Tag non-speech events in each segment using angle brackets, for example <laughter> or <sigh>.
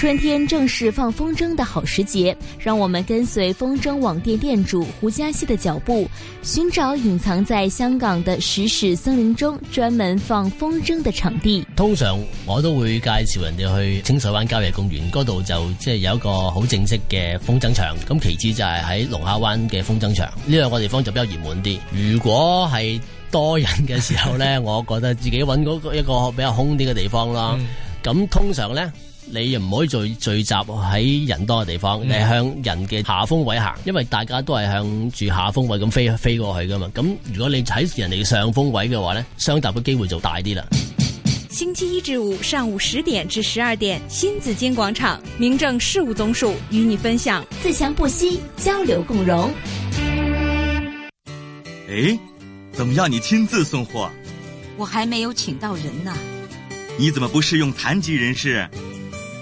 春天正是放風箏的好時節，讓我們跟隨風箏網店店主胡家熙的腳步，尋找隱藏在香港的石屎森林中專門放風箏的場地。通常我都會介紹人哋去清水灣郊野公園，嗰度就即係有一個好正式嘅風箏場。咁其次就係喺龍蝦灣嘅風箏場，呢兩個地方就比較熱門啲。如果係多人嘅時候咧， <laughs> 我覺得自己揾嗰一個比較空啲嘅地方啦，咁通常咧。你又唔可以聚聚集喺人多嘅地方，嗯、你向人嘅下風位行，因為大家都係向住下風位咁飛飛過去噶嘛。咁如果你喺人哋嘅上風位嘅話呢，相搭嘅機會就大啲啦。星期一至五上午十點至十二點，新紫金廣場，民政事務總署與你分享，自強不息，交流共融。誒、哎，怎麼要你親自送貨？我還沒有請到人啊！你怎麼不試用殘疾人士？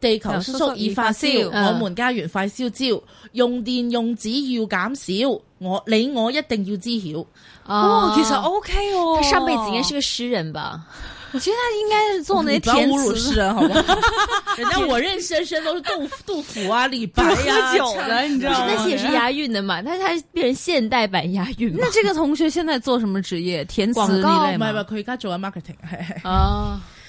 地球叔叔已發燒，我們家園快燒焦，用電用紙要減少，我你我一定要知曉。哇，其實 OK 哦，他上輩子應該是個詩人吧？我覺得他應該是做那些填詞。不要侮辱詩人，好唔好？人家我認生生都是杜杜甫啊，李白啊，那些也是押韻的嘛。他他變成現代版押韻。那這個同學現在做什麼職業？填詞？唔係唔係，佢而家做緊 marketing 係。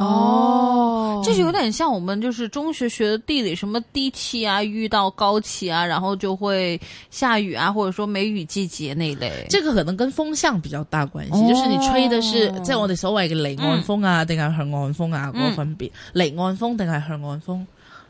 哦，這、oh, 就是有點像我們就是中學學的地理，什麼低氣壓啊遇到高氣壓啊，然後就會下雨啊，或者說梅雨季節那一類。這個可能跟風向比較大關係，oh. 就是你吹的是在、就是、我哋所謂嘅離岸風啊，定係向岸風啊，嗰、那個、分別，離岸、嗯、風定係向岸風。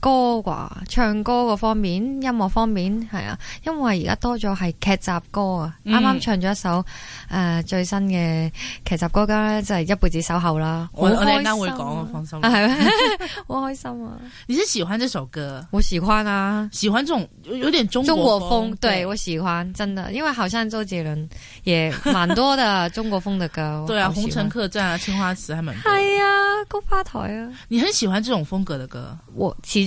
歌啩，唱歌嗰方面，音樂方面係啊，因為而家多咗係劇集歌啊，啱啱唱咗一首誒最新嘅劇集歌歌咧，就係《一輩子守候》啦。我我哋啱會講，放心係好開心啊！你是喜歡這首歌？我喜歡啊，喜歡這種有點中國風，對我喜歡，真的，因為好像周杰倫也蠻多的中國風的歌，對啊，《紅塵客棧》啊，《青花瓷》還蠻係啊，《菊花台》啊，你很喜歡這種風格的歌？我其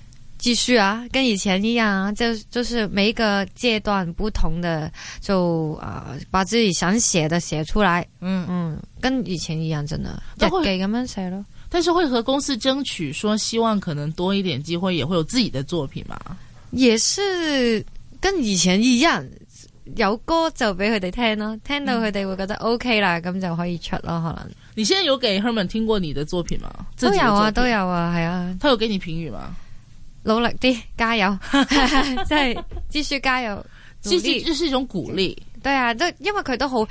繼續啊，跟以前一樣啊，就就是每一個階段不同的，就啊，把自己想寫的寫出來，嗯嗯，跟以前一樣，真的日記咁樣寫咯。但是會和公司爭取，說希望可能多一點機會，也會有自己的作品嘛。也是跟以前一樣，有歌就俾佢哋聽咯，聽到佢哋會覺得 OK 啦，咁、嗯、就可以出咯，可能。你現在有給 Herman 聽過你的作品嗎？品都有啊，都有啊，係啊。他有給你評語嗎？努力啲，加油！即係支書，加油！支持，這是一種鼓勵。對啊，因為佢都好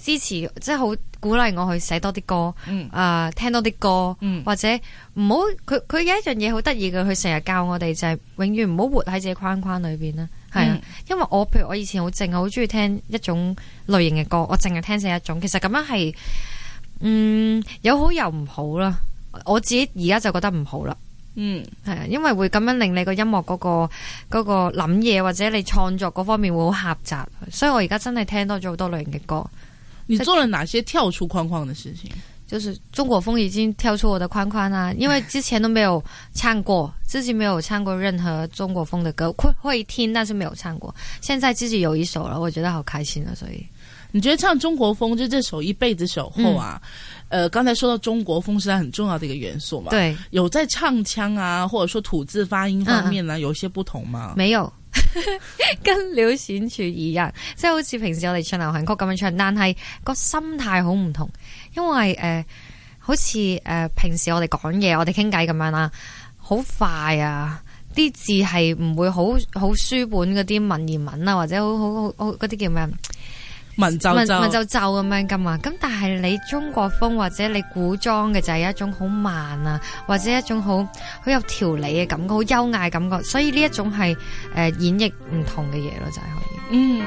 支持，即係好鼓勵我去寫多啲歌，嗯，啊、呃，聽多啲歌，嗯、或者唔好，佢佢有一樣嘢好得意嘅，佢成日教我哋就係、是、永遠唔好活喺自己框框裏邊啦。係啊，嗯、因為我譬如我以前好靜好中意聽一種類型嘅歌，我淨係聽成一種，其實咁樣係，嗯，有好又唔好啦。我自己而家就覺得唔好啦。嗯，係啊，因為會咁樣令你個音樂嗰個嗰個諗嘢或者你創作嗰方面會好狹窄，所以我而家真係聽多咗好多類型嘅歌。你做了哪些跳出框框的事情？就是中國風已經跳出我的框框啦，因為之前都沒有唱過，之前 <laughs> 沒有唱過任何中國風的歌，會會聽，但是沒有唱過。現在自己有一首了，我覺得好開心啊，所以。你覺得唱中國風就這首一輩子守候啊？嗯、呃，剛才說到中國風，是很重要的一個元素嘛。對，有在唱腔啊，或者說吐字發音方面啊，嗯、有些不同嗎？沒有， <laughs> 跟流行曲一樣，即係 <laughs> 好似平時我哋唱流行曲咁樣唱，但係個心態好唔同，因為誒、呃，好似誒、呃、平時我哋講嘢，我哋傾偈咁樣啦，好快啊，啲字係唔會好好書本嗰啲文言文啊，或者好好好好嗰啲叫咩？文就就咁樣噶嘛，咁但係你中國風或者你古裝嘅就係一種好慢啊，或者一種好好有條理嘅感覺，好優雅嘅感覺，所以呢一種係誒演繹唔同嘅嘢咯，就係可以。嗯。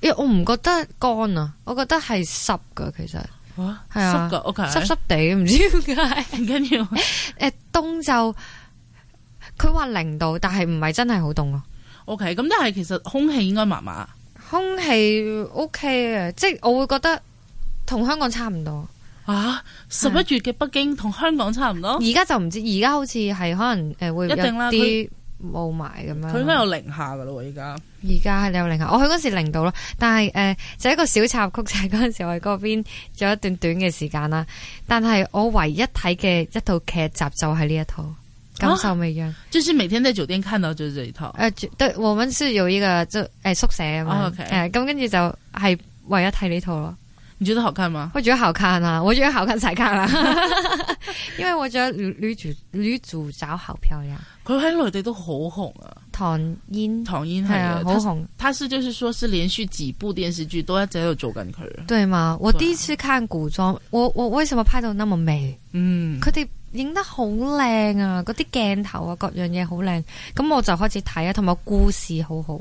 因為、欸、我唔覺得乾啊，我覺得係濕噶，其實係哇啊，濕嘅 O K，濕濕地唔知點解。跟住誒，凍就佢話零度，但係唔係真係好凍咯。O K，咁但係其實空氣應該麻麻，空氣 O K 啊，即係我會覺得同香港差唔多啊。十一月嘅北京同香港差唔多，而家是就唔知，而家好似係可能誒會比較啲。霧霾咁樣，佢應該有零下噶咯，依家，而家你有零下，我去嗰時零度咯。但係誒、呃，就一個小插曲，就係嗰陣時我喺嗰邊做一段短嘅時間啦。但係我唯一睇嘅一套劇集就係呢一套《錦繡未央、啊、就是每天在酒店看到就係呢一套。誒、呃，對，我們需要有呢、這個，就誒、呃、宿舍啊嘛，咁跟住就係唯一睇呢套咯。你覺得好看嗎？我覺得好看啊，我覺得好看晒卡啦， <laughs> 因為我覺得女主女主找好漂亮。佢喺內地都好紅啊唐，唐嫣， <noise> 唐嫣係啊，好的的紅。拍攝就是說，是連續幾部電視劇都一直喺度做緊佢。啊。對嘛？我第一次看古裝，對我我為什麼拍到那麼美？嗯，佢哋影得好靚啊，嗰啲鏡頭啊，各樣嘢好靚。咁我就開始睇啊，同埋故事好好，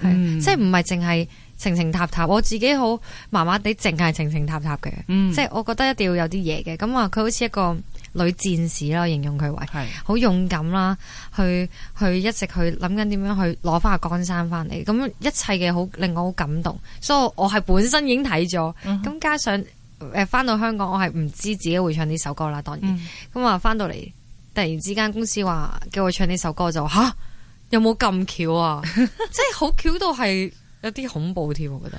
係、嗯、即係唔係淨係情情塔塔。我自己好麻麻地，淨係情情塔塔嘅，晴晴踏踏嗯、即係我覺得一定要有啲嘢嘅。咁啊，佢好似一個。女戰士啦，形容佢為好勇敢啦，去去一直去諗緊點樣去攞翻個江山翻嚟，咁一切嘅好令我好感動，所以我係本身已經睇咗，咁、嗯、哼加上返翻到香港，我係唔知自己會唱呢首歌啦，當然，咁啊翻到嚟突然之間公司話叫我唱呢首歌，就吓有冇咁巧啊？即係好巧到係有啲恐怖添，我覺得。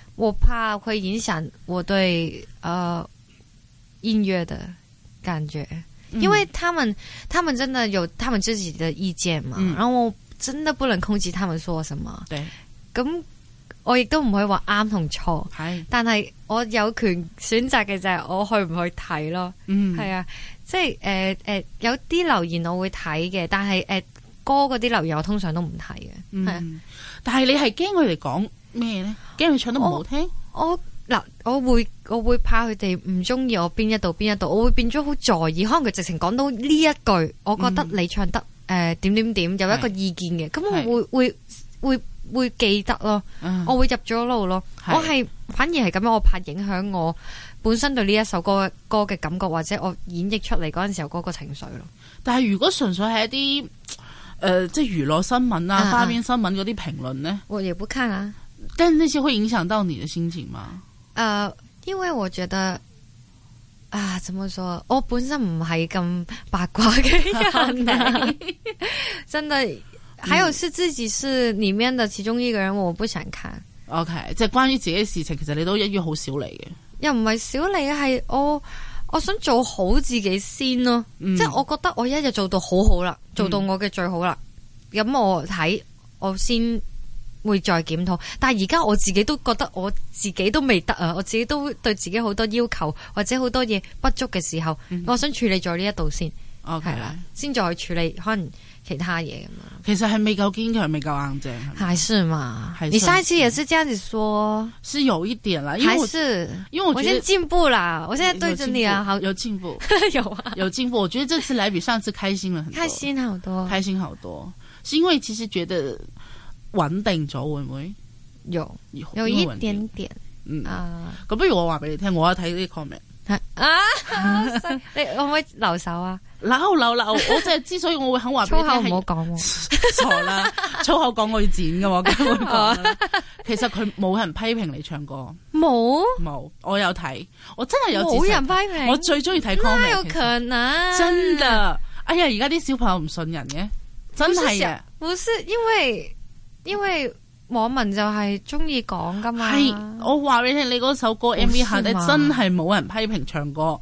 我怕佢影響我對，呃，音樂的感覺，因為他們，嗯、他們真的有他們自己的意見嘛，嗯、然後我真的不能控制他們說什麼。對，咁我亦都唔可以話啱同錯，是但係我有權選擇嘅就係我去唔去睇咯。嗯，係啊，即係，誒、呃、誒、呃，有啲留言我會睇嘅，但係，誒、呃、歌嗰啲留言我通常都唔睇嘅。嗯，是啊、但係你係驚佢哋講。咩咧？驚佢唱得唔好聽？我嗱，我會我會怕佢哋唔中意我邊一度邊一度，我會變咗好在意。可能佢直情講到呢一句，我覺得你唱得誒點點點有一個意見嘅，咁是我會是會會會記得咯。嗯、我會入咗腦咯。是我係反而係咁樣，我怕影響我本身對呢一首歌歌嘅感覺，或者我演繹出嚟嗰陣時候嗰個情緒咯。但係如果純粹係一啲誒、呃，即係娛樂新聞啊、花邊新聞嗰啲評論咧，我亦都唔睇啊。但那些會影響到你的心情嗎？誒、呃，因為我覺得啊，怎麼說，我本身唔係咁八卦嘅人， <laughs> <laughs> 真的。還有是自己是裏面的其中一個人，嗯、我不想看。O K，即係關於自己嘅事情，其實你都一於好少嚟理嘅。又唔係少理，係我我想做好自己先咯、哦。即係、嗯、我覺得我一日做到好好啦，做到我嘅最好啦，咁、嗯、我睇我先。會再檢討，但係而家我自己都覺得我自己都未得啊！我自己都對自己好多要求，或者好多嘢不足嘅時候，嗯、哼我想處理咗呢一度先，係啦 Okay,，先再處理可能其他嘢咁，其實係未夠堅強，未夠硬正，係是嘛？說你上 a i 也是這樣子說，是有一點啦。因為我先進步啦，我現在對着你啊，好有進步，有，進步 <laughs> 有啊，有進步。我覺得這次來比上次開心了很多，開心好多，開心好多，是因為其實覺得。穩定咗會唔會有有一點點嗯啊，咁不如我話俾你聽，我有睇啲 comment 啊，你可唔可以留手啊？嗱，留留！我即係之所以我會肯話粗口唔好講喎，傻啦！粗口講我要剪噶。我講，其實佢冇人批評你唱歌，冇冇，我有睇，我真係有，冇人批評？我最中意睇 comment，真係，哎呀，而家啲小朋友唔信人嘅，真係啊！唔係因為。因為網民就係中意講噶嘛，係我話俾你聽，你嗰首歌 M V 下底真係冇人批評唱歌，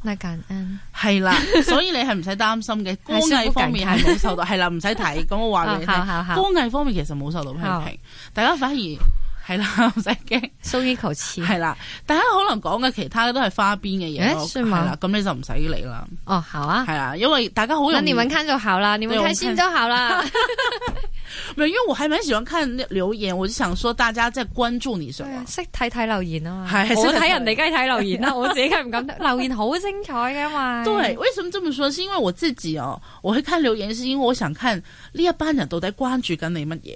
係啦，所以你係唔使擔心嘅。歌藝 <laughs> 方面係冇受到，係啦，唔使睇。咁我話俾你聽，歌藝方面其實冇受到批評，好大家反而。係啦，唔使驚，鬆一口氣。係啦，大家可能講嘅其他都係花邊嘅嘢，係啦，咁你就唔使理啦。哦，好啊，係啦，因為大家好有。你們看就好啦，你們開心就好了。唔，因為我還蠻喜歡看留言，我就想說大家在關注你什麼。識睇睇留言啊嘛，係我睇人哋梗係睇留言啦，我自己梗唔敢。留言好精彩噶嘛。對，為什麼這麼說？是因為我自己哦，我去看留言是因為我想看呢一班人到底關注緊你乜嘢。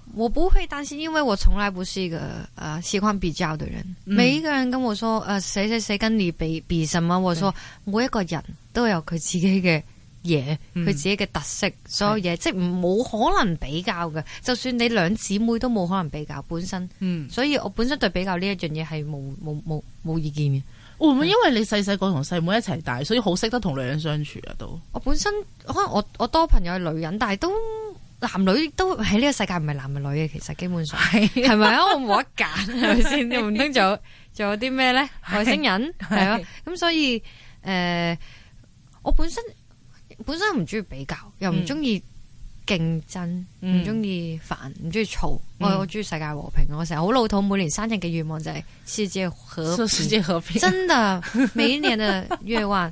我不會，但是因為我從來不是一個，誒喜歡比較的人。嗯、每一個人跟我說，誒誰誰誰跟你比比什麼？是我說每一個人都有佢自己嘅嘢，佢、嗯、自己嘅特色，所有嘢是即係冇可能比較嘅。就算你兩姊妹都冇可能比較，本身，嗯，所以我本身對比較呢一樣嘢係冇冇冇冇意見嘅。會唔會因為你細細個同細妹一齊大，所以好識得同女人相處啊？都我本身可能我我多朋友係女人，但係都。男女都喺呢個世界，唔係男唔係女嘅，其實基本上係咪啊？吧 <laughs> 我冇得揀，係咪先？唔通仲做，有啲咩咧？是外星人係咯，咁是所以誒、呃，我本身本身唔中意比較，又唔中意。競爭唔中意煩，唔中意嘈，我我中意世界和平。我成日好老土，每年生日嘅願望就係世界和平。真啊，每年啊願望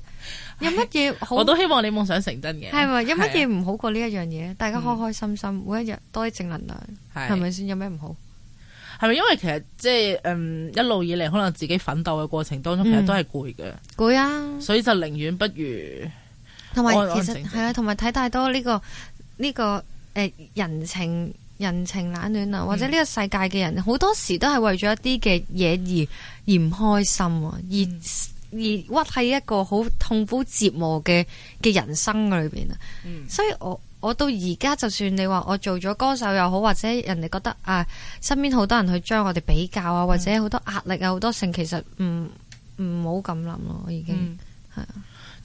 有乜嘢好？我都希望你夢想成真嘅。係咪有乜嘢唔好過呢一樣嘢？大家開開心心，每一日多啲正能量，係咪先？有咩唔好？係咪因為其實即係一路以嚟，可能自己奮鬥嘅過程當中，其實都係攰嘅。攰啊！所以就寧願不如同埋其實係啊，同埋睇太多呢個。呢、這個誒、呃、人情人情冷暖啊，嗯、或者呢個世界嘅人好多時都係為咗一啲嘅嘢而、嗯、而唔開心啊，而而屈喺一個好痛苦折磨嘅嘅人生裏邊啊。嗯、所以我我到而家，就算你話我做咗歌手又好，或者人哋覺得啊、呃，身邊好多人去將我哋比較啊，嗯、或者好多壓力啊，好多性，其實唔唔好咁諗咯。我已經係啊。嗯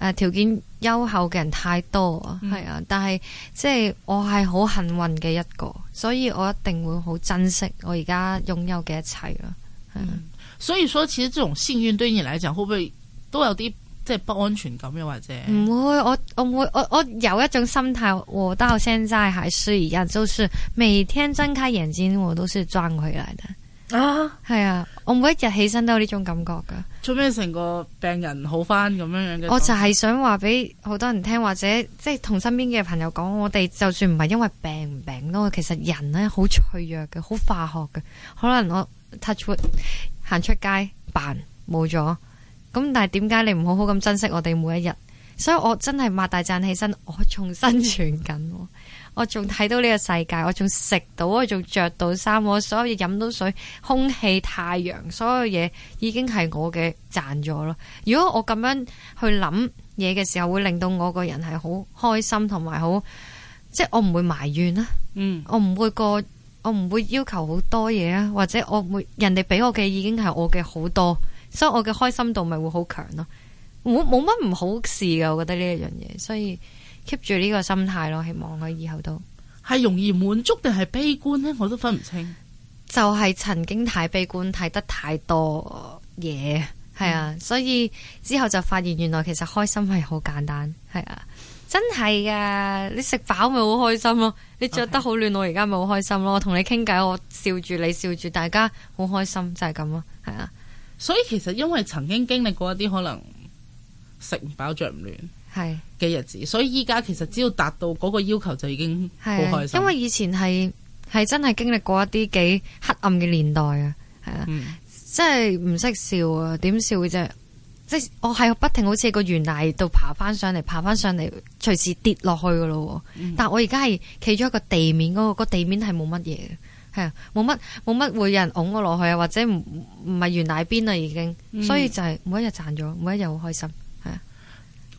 誒，條件優厚嘅人太多，係啊、嗯，但係即係我係好幸運嘅一個，所以我一定會好珍惜我而家擁有嘅一切咯。嗯，嗯，所以說其實這種幸運對你嚟講，會唔會都有啲即係不安全感，又或者唔會？我我唔會，我我有一種心態，我到現在還是一樣，就是每天睜開眼睛，我都是賺回來的。啊，係啊！我每一日起身都有呢種感覺噶，做咩成個病人好翻，咁樣樣嘅？我就係想話俾好多人聽，或者即係同身邊嘅朋友講，我哋就算唔係因為病唔病都好，其實人咧好脆弱嘅，好化學嘅。可能我 touch wood 行，出街，扮冇咗。咁但係點解你唔好好咁珍惜我哋每一日？所以我真係擘大眼起身，我重新存緊。 <laughs> 我仲睇到呢個世界，我仲食到，我仲着到衫，我所有嘢飲到水、空氣、太陽，所有嘢已經係我嘅賺咗咯。如果我咁樣去諗嘢嘅時候，會令到我個人係好開心，同埋好，即係我唔會埋怨啦。嗯，我唔會過，我唔會要求好多嘢啊，或者我會人哋俾我嘅已經係我嘅好多，所以我嘅開心度咪會好強咯。冇冇乜唔好事噶，我覺得呢一樣嘢，所以。keep 住呢個心態咯，希望我以後都係容易滿足定係悲觀呢？我都分唔清。就係曾經太悲觀，睇得太多嘢，係、嗯、啊，所以之後就發現原來其實開心係好簡單，係啊，真係噶、啊！你食飽咪好開心咯、啊，你着得好暖，Okay. 我而家咪好開心咯、啊。我同你傾偈，我笑住你笑住，大家好開心就係咁咯，係啊。所以其實因為曾經經歷過一啲可能食唔飽着唔暖。係嘅日子，所以依家其實只要達到嗰個要求就已經好開心。因為以前係係真係經歷過一啲幾黑暗嘅年代啊，係啊，即係唔識笑啊，點笑啫？即係我係不停好似個懸崖度爬翻上嚟、爬翻上嚟，隨時跌落去噶咯。嗯、但係我而家係企咗一個地面嗰個，個地面係冇乜嘢嘅，係啊，冇乜冇乜會有人拱我落去啊，或者唔唔係懸崖邊啊已經。嗯、所以就係每一日賺咗，每一日好開心。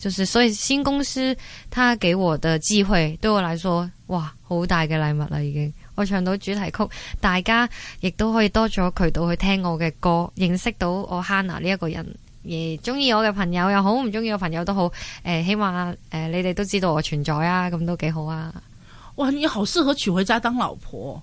就是，所以新公司，他給我的機會，對我來說，哇，好大嘅禮物啦，已經。我唱到主題曲，大家亦都可以多咗渠道去聽我嘅歌，認識到我 Hannah 呢一個人。而中意我嘅朋友又好，唔中意我朋友都好，誒、呃，起碼誒、呃，你哋都知道我存在啊，咁都幾好啊。哇，你好適合娶回家當老婆。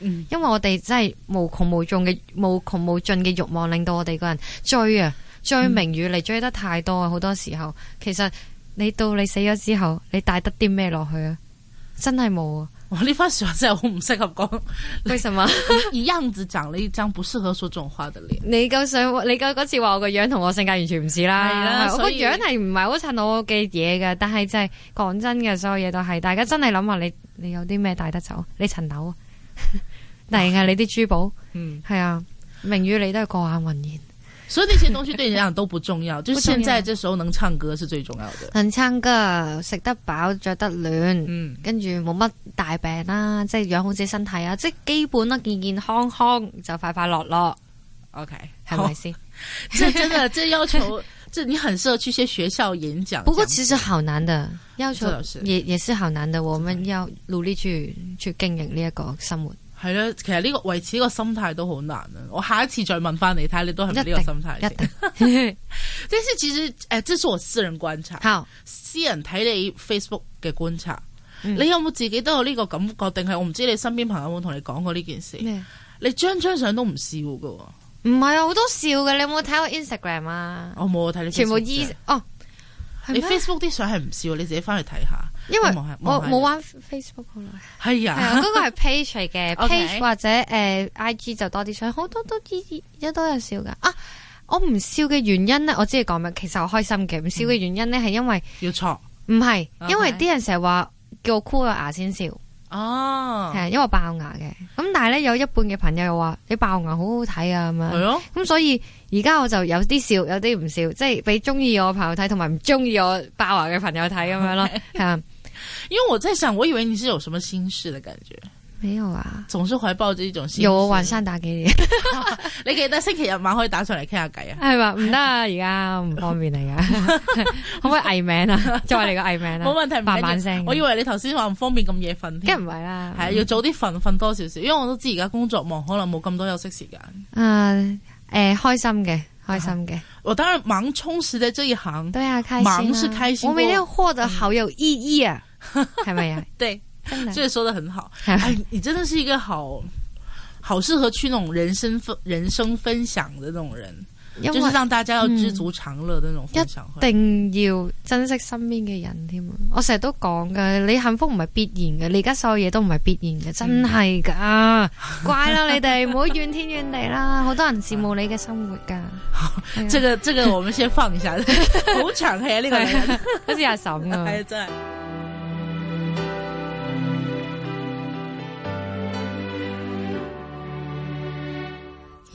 嗯、因為我哋真係無窮無盡嘅、無窮無盡嘅慾望，令到我哋個人追啊追名與利，嗯、追得太多啊！好多時候，其實你到你死咗之後，你帶得啲咩落去啊？哦、真係冇啊！哇，呢番說話真係好唔適合講，為什麼？你你樣子長了一張不適合說這種話嘅臉。你夠想， <laughs> 你夠嗰次話我個樣同我性格完全唔似啦。啊、我個樣係唔係好襯我嘅嘢嘅，但係、就係、真係講真嘅，所有嘢都係。大家真係諗下，你你有啲咩帶得走？你層樓。但係、 <laughs> 啊、你啲珠寶、哦，嗯，係啊，名譽你都係過眼雲煙，所以呢些東西對人人都不重要， <laughs> 就現在這時候能唱歌是最重要的，要能唱歌，食得飽，着得暖，嗯、跟住冇乜大病啦、啊，即係養好自己身體啊，即、就、係、是、基本啦，健健康康就快快樂樂，OK，係咪先？即係真啊，即係要求。 <laughs> 是你很適合去些學校演講，不過其實好難的，要求也也是好難的。我們要努力去的去經營呢一個生活。係咯，其實呢個維持呢個心態都好難啊！我下一次再問翻你睇，你都係唔係呢個心態？一定，一定。即係，即使誒，即係、 <laughs> <laughs> 呃、我私人觀察，好私人睇你 Facebook 嘅觀察，嗯、你有冇自己都有呢個感覺？定係我唔知你身邊朋友有冇同你講過呢件事？嗯、你張張相都唔笑嘅。唔係啊，好多笑嘅，你有冇睇我 Instagram 啊？我冇睇你全部依哦，你 Facebook 啲相係唔笑，你自己翻去睇下。因為我冇玩 Facebook 好耐。係啊，嗰個係 page 嚟嘅，page 或者誒 IG 就多啲相，好多都依啲有多人笑噶。啊，我唔笑嘅原因咧，我知你講咩？其實我開心嘅唔笑嘅原因咧，係因為要錯。唔係，因為啲人成日話叫我箍個牙先笑。哦，係因為爆牙嘅。咁但係咧，有一半嘅朋友又話你爆牙好好睇啊咁樣，係咯，哎喲，咁所以而家我就有啲笑，有啲唔笑，即係俾中意我嘅朋友睇，同埋唔中意我爆牙嘅朋友睇咁樣咯，係啊 Okay, 的。因為我在想，我以為你是有什麼心事的感覺。沒有啊，仲可以幫住啲同事。有啊，晚上打幾你，你記得星期日晚可以打上嚟傾下偈啊。係嘛，唔得啊，而家唔方便嚟啊。可唔可以藝名啊？作為你個藝名啊，冇問題。慢慢聲，我以為你頭先話唔方便咁夜瞓。梗唔係啦，係啊，要早啲瞓，瞓多少少。因為我都知而家工作忙，可能冇咁多休息時間。誒誒，開心嘅，開心嘅。我當然猛充實嘅呢一行。對啊，開心。猛是開心。我每天活得好有意義，係咪啊？對。這說的很好，哎，你真的是一個好好適合去那種人生分、人生分享的那種人，就是讓大家要知足常樂的那種分享會。一定要珍惜身邊的人添！我成日都講噶，你幸福唔係必然噶，你而家所有嘢都唔係必然嘅，真係噶。乖啦，你哋唔好怨天怨地啦，好多人羨慕你嘅生活噶。這個，這個，我們先放一下，好長氣啊，呢個人好似阿嬸啊，真係。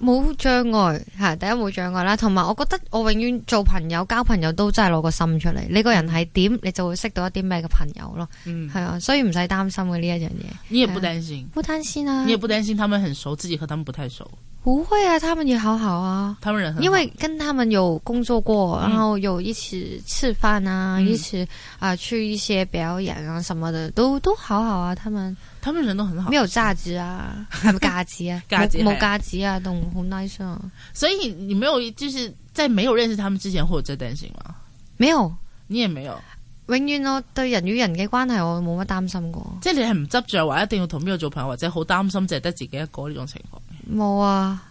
冇障礙，第一冇障礙啦，同埋我覺得我永遠做朋友、交朋友都真係攞個心出嚟。你個人係點，你就會識到一啲咩嘅朋友咯。嗯，係啊，所以唔使擔心嘅呢一樣嘢。你也不擔心，不擔、啊、心啊！你也不擔心，他們很熟，自己和他們不太熟。不會啊，他們也好好啊。他們人很好。因為跟他們有工作過，嗯、然後有一起吃飯啊，嗯、一起啊、呃、去一些表演啊什麼的，都都好好啊。他們他們人都很好沒、啊，沒有價值啊，有 <laughs> 價值是，冇冇價值啊，都好 nice 啊。所以你沒有就是在沒有認識他們之前，會有這擔心嗎？沒有，你也沒有。永遠我對人與人嘅關係，我冇乜擔心過。即係你係唔執着話一定要同邊個做朋友，或者好擔心淨係得自己一個呢種情況。冇啊！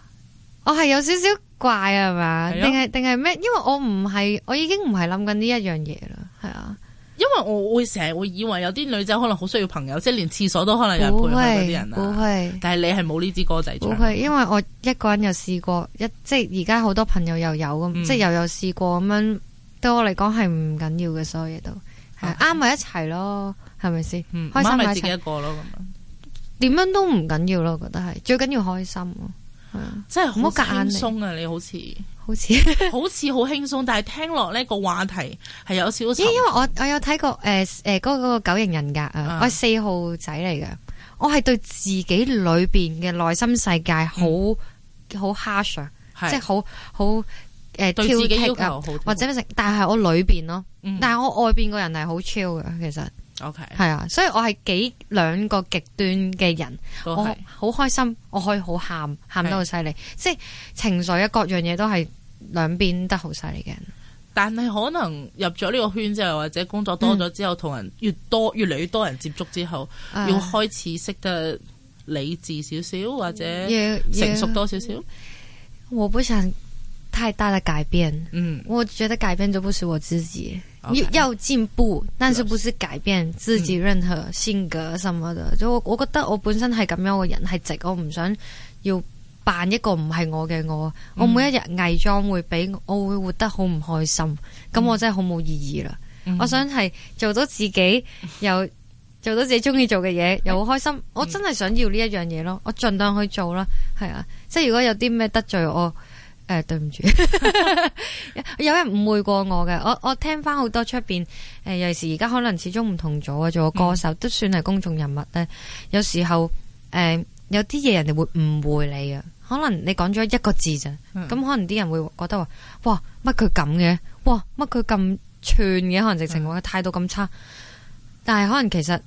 我係有少少怪啊，係咪？定係定係咩？因為我唔係，我已經唔係諗緊呢一樣嘢啦，係啊。因為我會成日會以為有啲女仔可能好需要朋友，即係連廁所都可能有陪下啲人啊。猜猜但係你係冇呢支歌仔猜猜，因為我一個人又試過一，即係而家好多朋友又有咁，嗯、即係又有試過咁樣。都對我嚟講係唔緊要嘅，所有嘢都係啱咪一齊咯，係咪先？唔啱咪自己一個咯咁。嗯點樣都唔緊要咯，我覺得係最緊要開心咯，係啊、嗯，真係好輕鬆啊！你好似好似像 <laughs> 好似好輕鬆，但係聽落呢個話題係有少少因為我我有睇過誒誒嗰個、那個九型人格啊，嗯、我係四號仔嚟嘅，我係對自己裏邊嘅內心世界、呃、好好 hard 即係好好誒挑剔啊，或者咩？但係我裏邊咯，嗯、但係我外邊個人係好 chill 嘅，其實。OK，係啊，所以我係幾兩個極端嘅人，是我好開心，我可以好喊，喊得好犀利，即係是情緒啊，各樣嘢都係兩邊得好犀利嘅人。但係可能入咗呢個圈之後，或者工作多咗之後，同、嗯、人越多，越嚟越多人接觸之後，嗯、要開始識得理智少少，或者成熟多少少。我不想太大的改變，嗯，我覺得改變就不是我自己。要要進步，但是不是改變自己任何性格什麼的。嗯、就我覺得我本身係咁樣嘅人，係直。我唔想要扮一個唔係我嘅我。嗯、我每一日偽裝會俾，我會活得好唔開心。咁、嗯、我真係好冇意義啦。嗯、我想係做到自己，又做到自己中意做嘅嘢，又好開心。是我真係想要呢一樣嘢咯。我盡量去做啦。係啊，即係如果有啲咩得罪我。誒、呃，對唔住，有人誤會過我嘅。我我聽翻好多出邊，誒、呃，尤其是而家可能始終唔同咗啊，做歌手、mm. 都算係公眾人物咧。有時候誒、呃，有啲嘢人哋會誤會你啊。可能你講咗一個字咋，咁、mm. 可能啲人會覺得話，哇，乜佢咁嘅，哇，乜佢咁串嘅，可能直情我嘅態度咁差。Mm. 但係可能其實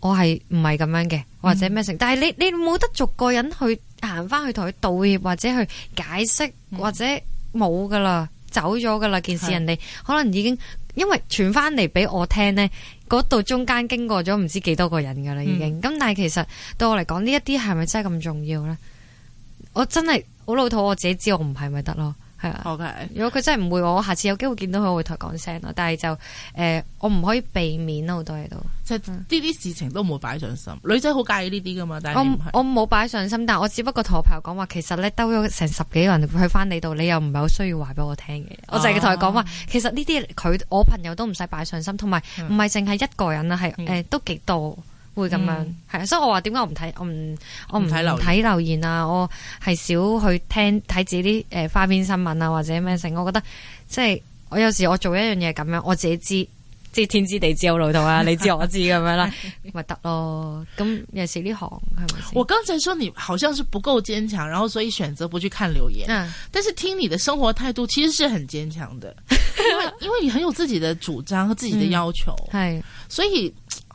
我係唔係咁樣嘅，或者咩成？但係你你冇得逐個人去行翻去同佢道歉，或者去解釋，嗯、或者冇噶啦，走咗噶啦，件事人哋可能已經，因為傳翻嚟俾我聽咧，嗰度中間經，經過咗唔知幾多個人噶啦，已經、嗯。咁但係其實對我嚟講，呢一啲係咪真係咁重要咧？我真係好老土，我自己知我唔係咪得咯？啊、Okay. 如果佢真係唔會我，我下次有機會見到佢，我會同佢講聲咯。但係就誒、呃，我唔可以避免咯，好多嘢都，即係呢啲事情都冇擺上心。嗯、女仔好介意呢啲噶嘛？但係我我冇擺上心，但係我只不過同我朋友講話，其實咧，兜咗成十幾個人去翻你度，你又唔係好需要話俾我聽嘅。我淨係同佢講話，其實呢啲佢我、啊、我，我朋友都唔使擺上心，同埋唔係淨係一個人啊，係誒、嗯呃、都幾多。會咁樣係啊、嗯，所以我話點解我唔睇我唔我唔睇留、啊、留言啊，我係少去聽睇自己啲誒、呃、花邊新聞啊或者咩剩，我覺得即係我有時我做一樣嘢咁樣，我自己知即係天知地知有老豆啊， <laughs> 你知我知咁 <laughs> 樣啦，咪得 <laughs> 咯。咁尤其呢行係咪？是是我剛才說你好像是不夠堅強，然後所以選擇不去看留言。嗯，但是聽你的生活態度其實是很堅強的， <laughs> 因為因為你很有自己的主張和自己的要求，係、嗯、所以。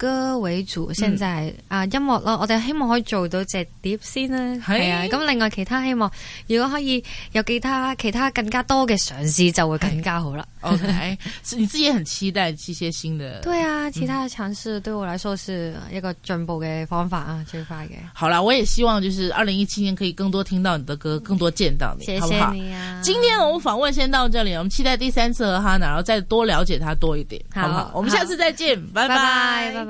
歌為主，現在、嗯、啊音樂咯，我哋希望可以做到隻碟先啦，係啊。咁、啊啊、另外其他希望，如果可以有其他其他更加多嘅嘗試，就會更加好啦。啊、 <laughs> OK，你自己也很期待一些新的，對啊，其他嘗試對我來說是一個進步嘅方法啊，最快嘅。好啦，我也希望就是二零一七年可以更多聽到你的歌，更多見到你，謝謝你啊。好，好，今天我們訪問先到這裏，我們期待第三次和哈娜，然後再多了解他多一點，好，好不好。我們下次再見，拜拜。